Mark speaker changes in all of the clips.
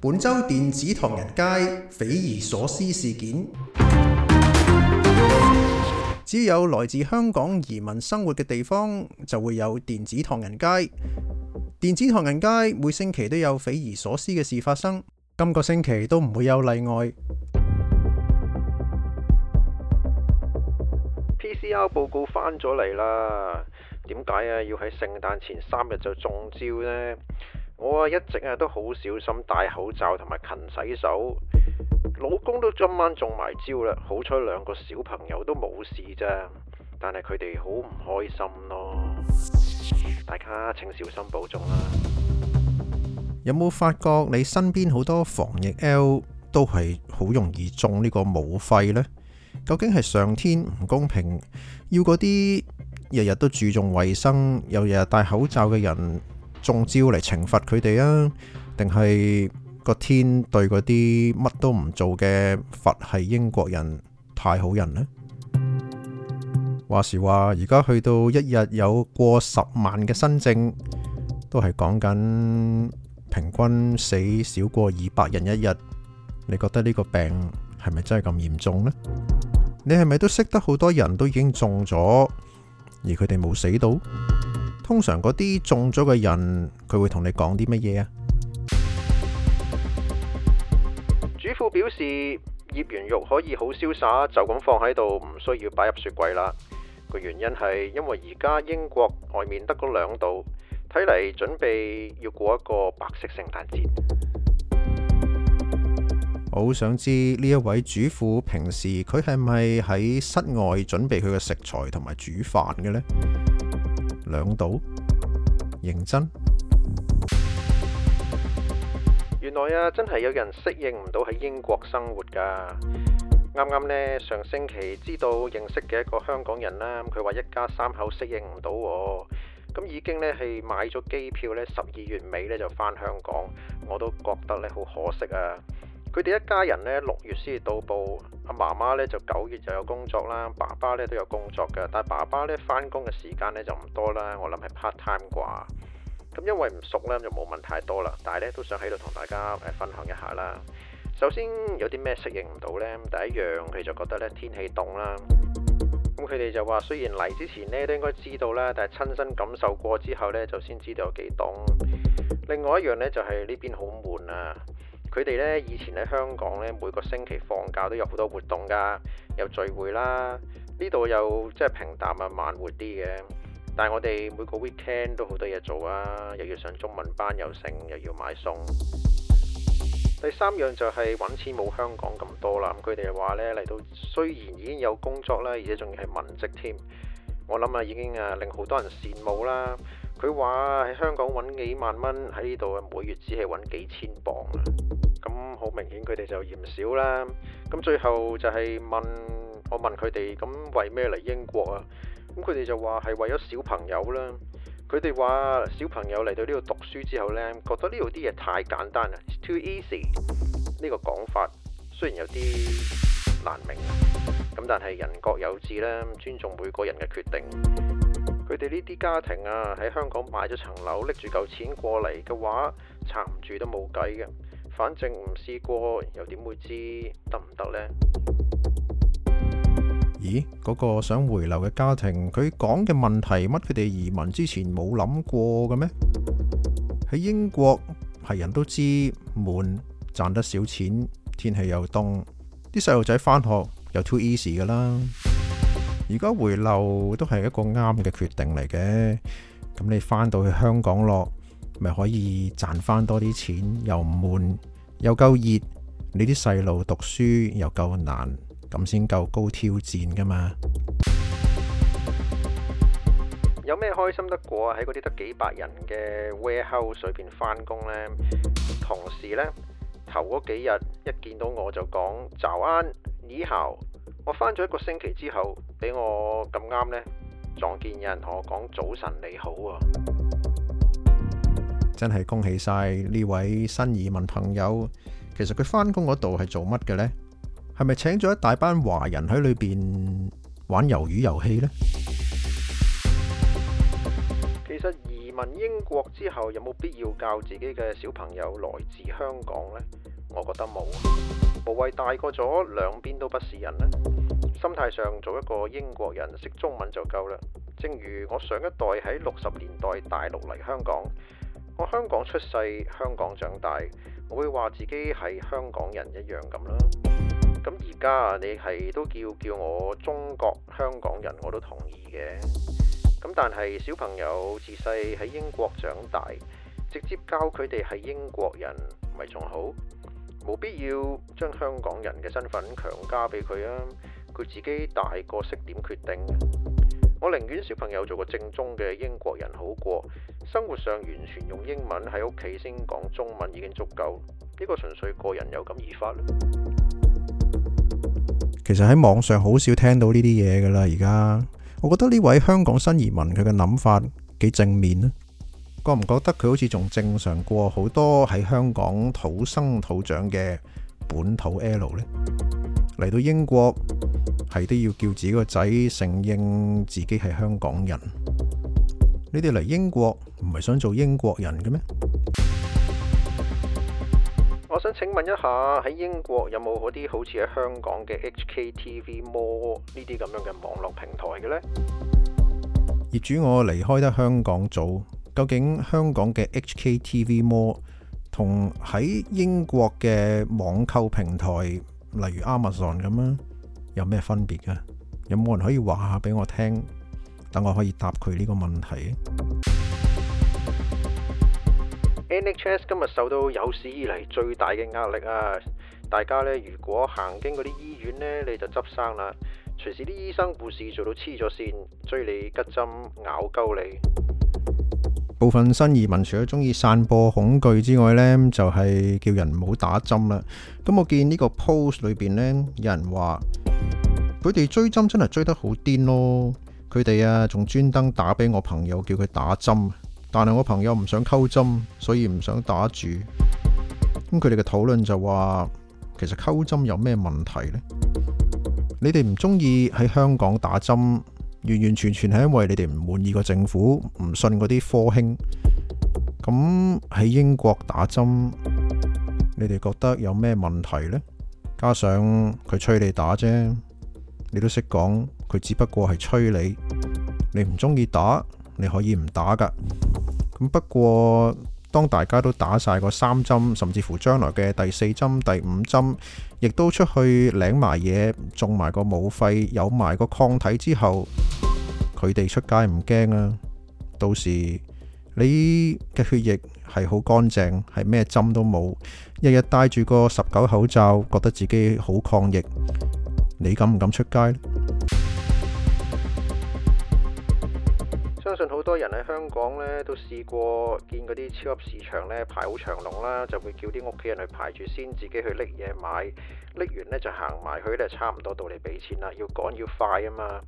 Speaker 1: 本週電子唐人街匪夷所思事件，只要來自香港移民生活嘅地方就會有電子唐人街。電子唐人街每星期都有匪夷所思嘅事發生，今個星期都唔會有例外。PCR 報告翻咗嚟啦，點解啊要喺聖誕前三日就中招呢？我啊，一直啊都好小心戴口罩同埋勤洗手，老公都今晚中埋招啦，好彩兩個小朋友都冇事啫，但係佢哋好唔開心咯。大家請小心保重啦。有冇發覺你身邊好多防疫 L 都係好容易中呢個冇肺呢？究竟係上天唔公平，要嗰啲日日都注重衛生又日日戴口罩嘅人中招嚟懲罰佢哋啊？定係個天對嗰啲乜都唔做嘅佛系英國人太好人呢？話時話而家去到一日有過十萬嘅新症，都係講緊平均死少過二百人一日。你覺得呢個病係咪真係咁嚴重呢？你係咪都識得好多人都已經中咗，而佢哋冇死到？通常嗰啲中咗嘅人，佢會同你講啲乜嘢啊？主婦表示，醃完肉可以好瀟灑，就咁放喺度，唔需要擺入雪櫃啦。個原因係因為而家英國外面得嗰兩度，睇嚟準備要過一個白色聖誕節。我好想知呢一位主婦平時佢係咪喺室外準備佢嘅食材同埋煮飯嘅呢？兩度認真，原來啊，真係有人適應唔到喺英國生活噶。啱啱呢，上星期知道認識嘅一個香港人啦，佢話一家三口適應唔到喎，咁已經呢，係買咗機票呢，十二月尾呢就返香港，我都覺得呢好可惜啊。佢哋一家人咧六月先至到埗。阿媽媽咧就九月就有工作啦，爸爸咧都有工作嘅，但係爸爸咧翻工嘅時間咧就唔多啦，我諗係 part time 啩。咁因為唔熟咧，就冇問太多啦。但係咧都想喺度同大家分享一下啦。首先有啲咩適應唔到呢？第一樣佢就覺得咧天氣凍啦。咁佢哋就話雖然嚟之前呢，都應該知道啦，但係親身感受過之後呢，就先知道有幾凍。另外一樣呢，就係呢邊好悶啊！佢哋咧以前喺香港咧，每個星期放假都有好多活動㗎，有聚會啦。呢度又即係平淡啊，慢活啲嘅。但係我哋每個 weekend 都好多嘢做啊，又要上中文班又剩，又要買餸。第三樣就係揾錢冇香港咁多啦。佢哋話咧嚟到，雖然已經有工作啦，而且仲要係文職添。我諗啊，已經啊令好多人羨慕啦。佢話喺香港揾幾萬蚊，喺呢度啊每月只係揾幾千鎊。好明顯佢哋就嫌少啦，咁最後就係問我問佢哋咁為咩嚟英國啊？咁佢哋就話係為咗小朋友啦。佢哋話小朋友嚟到呢度讀書之後呢，覺得呢度啲嘢太簡單啦，It's too easy。呢個講法雖然有啲難明，咁但係人各有志啦，尊重每個人嘅決定。佢哋呢啲家庭啊喺香港買咗層樓拎住嚿錢過嚟嘅話，撐唔住都冇計嘅。反正唔試過又點會知得唔得呢？咦，嗰、那個想回流嘅家庭，佢講嘅問題乜佢哋移民之前冇諗過嘅咩？喺英國係人都知悶，賺得少錢，天氣又凍，啲細路仔返學又 too easy 噶啦。而家回流都係一個啱嘅決定嚟嘅。咁你返到去香港囉，咪可以賺翻多啲錢，又唔悶，又夠熱。你啲細路讀書又夠難，咁先夠高挑戰噶嘛？有咩開心得過啊？喺嗰啲得幾百人嘅 warehouse 裏便翻工呢。同事呢，頭嗰幾日一見到我就講早安你好。我翻咗一個星期之後，俾我咁啱呢撞見有人同我講早晨你好啊。真係恭喜晒呢位新移民朋友。其實佢返工嗰度係做乜嘅呢？係咪請咗一大班華人喺裏邊玩魷魚遊戲呢？其實移民英國之後有冇必要教自己嘅小朋友來自香港呢？我覺得冇，無謂大個咗兩邊都不是人呢。心態上做一個英國人，識中文就夠啦。正如我上一代喺六十年代大陸嚟香港。我香港出世，香港長大，我會話自己係香港人一樣咁啦。咁而家你係都叫叫我中國香港人，我都同意嘅。咁但係小朋友自細喺英國長大，直接教佢哋係英國人，咪仲好？冇必要將香港人嘅身份強加俾佢啊！佢自己大個識點決定。我寧願小朋友做個正宗嘅英國人好過，生活上完全用英文喺屋企先講中文已經足夠，呢個純粹個人有感而發。其實喺網上好少聽到呢啲嘢㗎喇，而家我覺得呢位香港新移民佢嘅諗法幾正面呢，覺唔覺得佢好似仲正常過好多喺香港土生土長嘅本土 L 呢？嚟到英國。係都要叫自己個仔承認自己係香港人。你哋嚟英國唔係想做英國人嘅咩？我想請問一下，喺英國有冇嗰啲好似喺香港嘅 HKTV Mall 呢啲咁樣嘅網絡平台嘅呢？頁主，我離開得香港早，究竟香港嘅 HKTV Mall 同喺英國嘅網購平台，例如 Amazon 咁樣？有咩分別嘅？有冇人可以話下俾我聽，等我可以答佢呢個問題？NHS 今日受到有史以嚟最大嘅壓力啊！大家呢，如果行經嗰啲醫院呢，你就執生啦。隨時啲醫生護士做到黐咗線，追你吉針咬鳩你。部分新移民除咗中意散播恐懼之外呢，就係、是、叫人唔好打針啦。咁我見呢個 post 裏邊呢，有人話。佢哋追針真係追得好癲咯！佢哋啊，仲專登打俾我朋友，叫佢打針。但係我朋友唔想溝針，所以唔想打住。咁佢哋嘅討論就話，其實溝針有咩問題呢？你哋唔中意喺香港打針，完完全全係因為你哋唔滿意個政府，唔信嗰啲科興。咁喺英國打針，你哋覺得有咩問題呢？加上佢催你打啫。你都識講，佢只不過係催你，你唔中意打，你可以唔打㗎。咁不過當大家都打晒個三針，甚至乎將來嘅第四針、第五針，亦都出去領埋嘢，種埋個武肺，有埋個抗體之後，佢哋出街唔驚啊，到時你嘅血液係好乾淨，係咩針都冇，日日戴住個十九口罩，覺得自己好抗疫，你敢唔敢出街？相信好多人喺香港咧都試過見嗰啲超級市場咧排好長龍啦，就會叫啲屋企人去排住先，自己去拎嘢買，拎完咧就行埋去咧，差唔多到你俾錢啦，要趕要快啊嘛。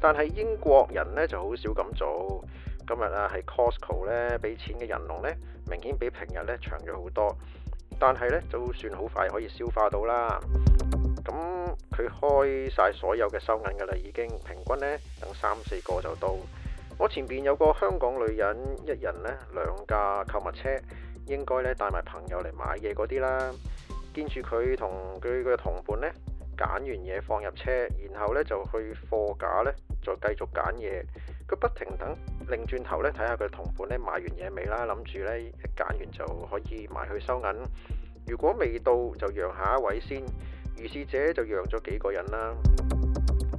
Speaker 1: 但係英國人咧就好少咁做。今日啊，係 Costco 咧俾錢嘅人龍咧，明顯比平日咧長咗好多，但係咧就算好快可以消化到啦。咁佢開晒所有嘅收銀噶啦，已經平均呢等三四個就到。我前邊有個香港女人，一人呢兩架購物車，應該呢帶埋朋友嚟買嘢嗰啲啦。見住佢同佢嘅同伴呢揀完嘢放入車，然後呢就去貨架呢再繼續揀嘢。佢不停等，擰轉頭呢睇下佢同伴呢買完嘢未啦，諗住呢揀完就可以埋去收銀。如果未到就讓下一位先。如是者就讓咗幾個人啦。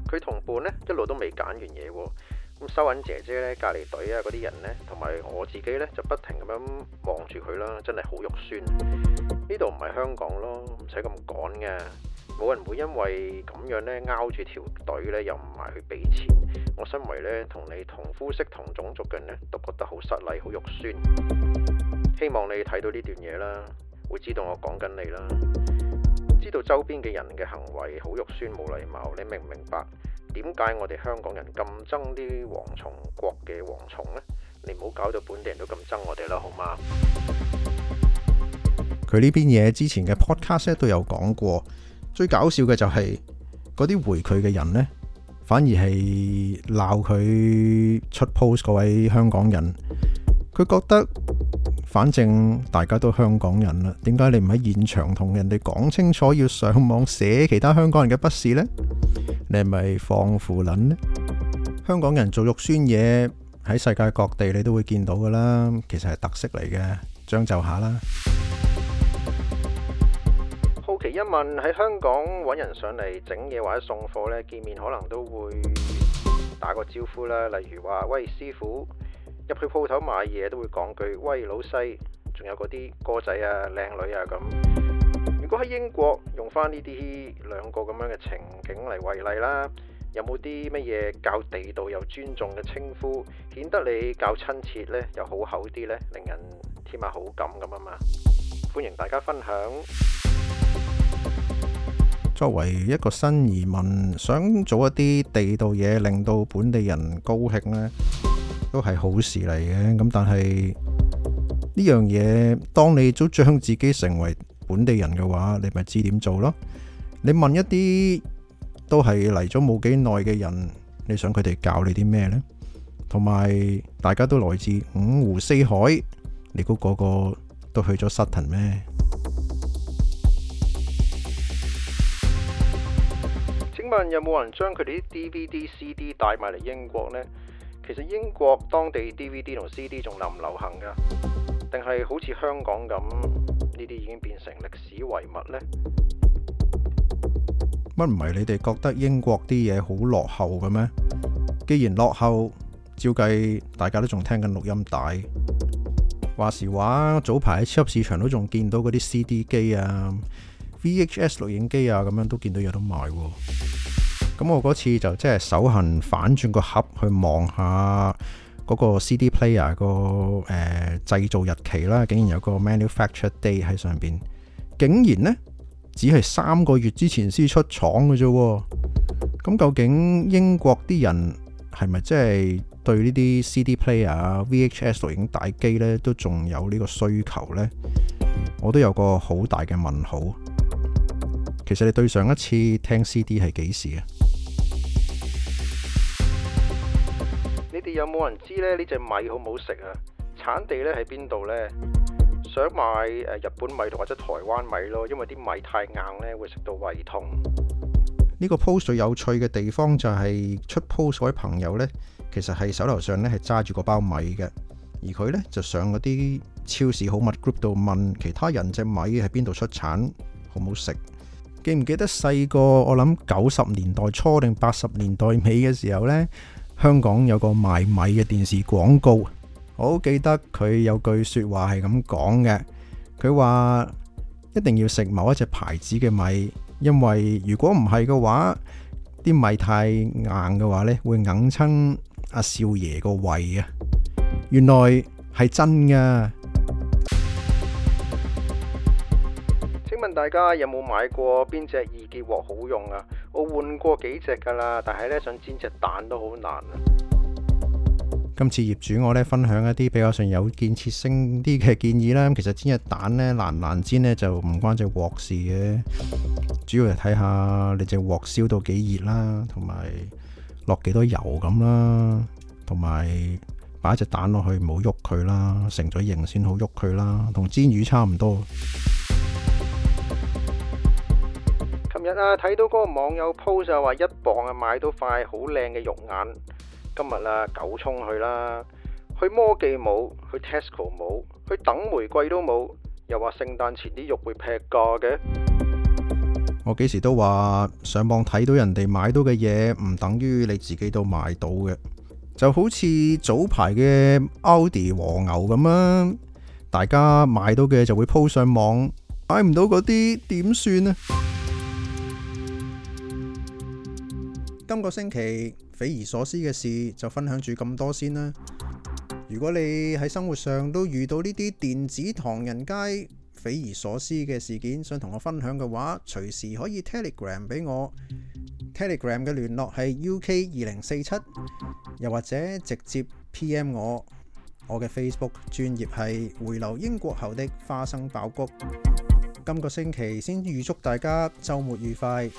Speaker 1: 佢同伴呢，一路都未揀完嘢喎，咁收銀姐姐呢，隔離隊啊嗰啲人呢，同埋我自己呢，就不停咁樣望住佢啦，真係好肉酸。呢度唔係香港咯，唔使咁趕嘅，冇人會因為咁樣呢，拗住條隊呢，又唔係去俾錢。我身為呢，同你同膚色同種族嘅人呢，都覺得好失禮，好肉酸。希望你睇到呢段嘢啦，會知道我講緊你啦。知道周邊嘅人嘅行為好肉酸冇禮貌，你明唔明白？點解我哋香港人咁憎啲蝗蟲國嘅蝗蟲呢？你唔好搞到本地人都咁憎我哋啦，好嗎？佢呢邊嘢之前嘅 podcast 都有講過，最搞笑嘅就係嗰啲回佢嘅人呢，反而係鬧佢出 post 嗰位香港人，佢覺得。反正大家都香港人啦，點解你唔喺現場同人哋講清楚，要上網寫其他香港人嘅不是呢？你係咪放負撚呢？香港人做肉酸嘢喺世界各地你都會見到噶啦，其實係特色嚟嘅，將就下啦。好奇一問，喺香港揾人上嚟整嘢或者送貨呢，見面可能都會打個招呼啦，例如話喂師傅。入去鋪頭買嘢都會講句喂老細，仲有嗰啲哥仔啊、靚女啊咁。如果喺英國用翻呢啲兩個咁樣嘅情景嚟為例啦，有冇啲乜嘢較地道又尊重嘅稱呼，顯得你較親切呢又好口啲呢，令人添下好感咁啊嘛？歡迎大家分享。作為一個新移民，想做一啲地道嘢令到本地人高興呢。都係好事嚟嘅，咁但係呢樣嘢，當你都將自己成為本地人嘅話，你咪知點做咯。你問一啲都係嚟咗冇幾耐嘅人，你想佢哋教你啲咩呢？同埋大家都來自五湖四海，你估個個都去咗 Sutton 咩？請問有冇人將佢哋啲 DVD、CD 帶埋嚟英國呢？其實英國當地 DVD 同 CD 仲流唔流行噶，定係好似香港咁呢啲已經變成歷史遺物呢？乜唔係你哋覺得英國啲嘢好落後嘅咩？既然落後，照計大家都仲聽緊錄音帶。話時話，早排喺超級市場都仲見到嗰啲 CD 機啊、VHS 錄影機啊，咁樣都見到有得賣。咁我嗰次就即係手痕反轉個盒去望下嗰個 C D player 個誒製造日期啦，竟然有個 manufacture d a y 喺上邊，竟然呢，只係三個月之前先出廠嘅啫。咁究竟英國啲人係咪即係對呢啲 C D player、V H S 錄影帶機呢，都仲有呢個需求呢？我都有個好大嘅問號。其實你對上一次聽 C D 係幾時啊？有冇人知咧？呢隻米好唔好食啊？產地咧喺邊度呢？想買日本米同或者台灣米咯，因為啲米太硬咧，會食到胃痛。呢個 post 最有趣嘅地方就係出 post 位朋友呢，其實係手頭上呢，係揸住個包米嘅，而佢呢，就上嗰啲超市好物 group 度問其他人隻米喺邊度出產，好唔好食？記唔記得細個我諗九十年代初定八十年代尾嘅時候呢？香港有個賣米嘅電視廣告，我好記得佢有句説話係咁講嘅，佢話一定要食某一隻牌子嘅米，因為如果唔係嘅話，啲米太硬嘅話呢，會硬親阿少爺個胃啊！原來係真㗎。大家有冇買過邊隻易潔鑊好用啊？我換過幾隻噶啦，但係呢，想煎隻蛋都好難。今次業主我呢分享一啲比較上有建設性啲嘅建議啦。其實煎隻蛋呢，難唔難煎呢？就唔關隻鑊事嘅，主要係睇下你隻鑊燒到幾熱啦，同埋落幾多油咁啦，同埋擺隻蛋落去唔好喐佢啦，成咗形先好喐佢啦，同煎魚差唔多。啊！睇到嗰個網友鋪就話一磅啊，買到塊好靚嘅肉眼。今日啊，九衝去啦，去摩記冇，去 Tesco 冇，去等玫瑰都冇。又話聖誕前啲肉會劈價嘅。我幾時都話上網睇到人哋買到嘅嘢，唔等於你自己都買到嘅。就好似早排嘅奧迪和牛咁啊！大家買到嘅就會鋪上網，買唔到嗰啲點算呢？今個星期匪夷所思嘅事就分享住咁多先啦。如果你喺生活上都遇到呢啲電子唐人街匪夷所思嘅事件，想同我分享嘅話，隨時可以 Telegram 俾我。Telegram 嘅聯絡係 UK 二零四七，又或者直接 PM 我。我嘅 Facebook 專頁係回流英國後的花生爆谷。今個星期先預祝大家周末愉快。